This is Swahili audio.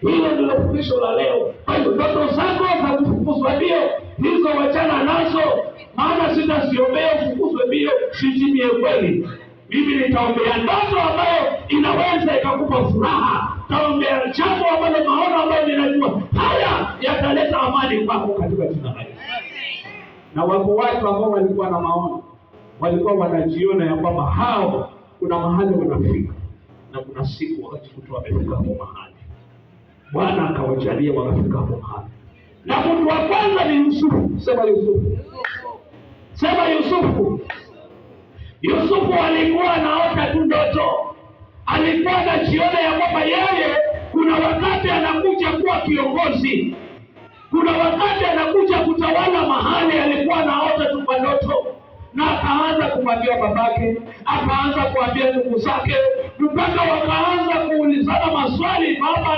Hilo ndilo fundisho la leo. Ndoto zako za kufukuzwa bio hizo, wachana nazo, maana sitasiombea ufukuzwe mbio sitimie kweli. Mimi nitaombea ndoto ambayo inaweza ikakupa furaha, taombea jambo ambalo maono ambayo ninajua haya yataleta amani kwako katika jina la Yesu. Na wako watu ambao walikuwa na maono, walikuwa wanajiona ya kwamba hao kuna mahali wanafika, na kuna siku wakati kutoa wamefika mahali Bwana akawajalia wakafika mahali na mtu wa kwanza ni Yusufu. Sema Yusufu, sema Yusufu. Yusufu alikuwa anaota tu ndoto, alikuwa anajiona ya kwamba yeye kuna wakati anakuja kuwa kiongozi, kuna wakati anakuja kutawala mahali. Alikuwa anaota tu ndoto na akaanza kumwambia babake, akaanza kuambia ndugu zake, mpaka wakaanza kuulizana maswali baba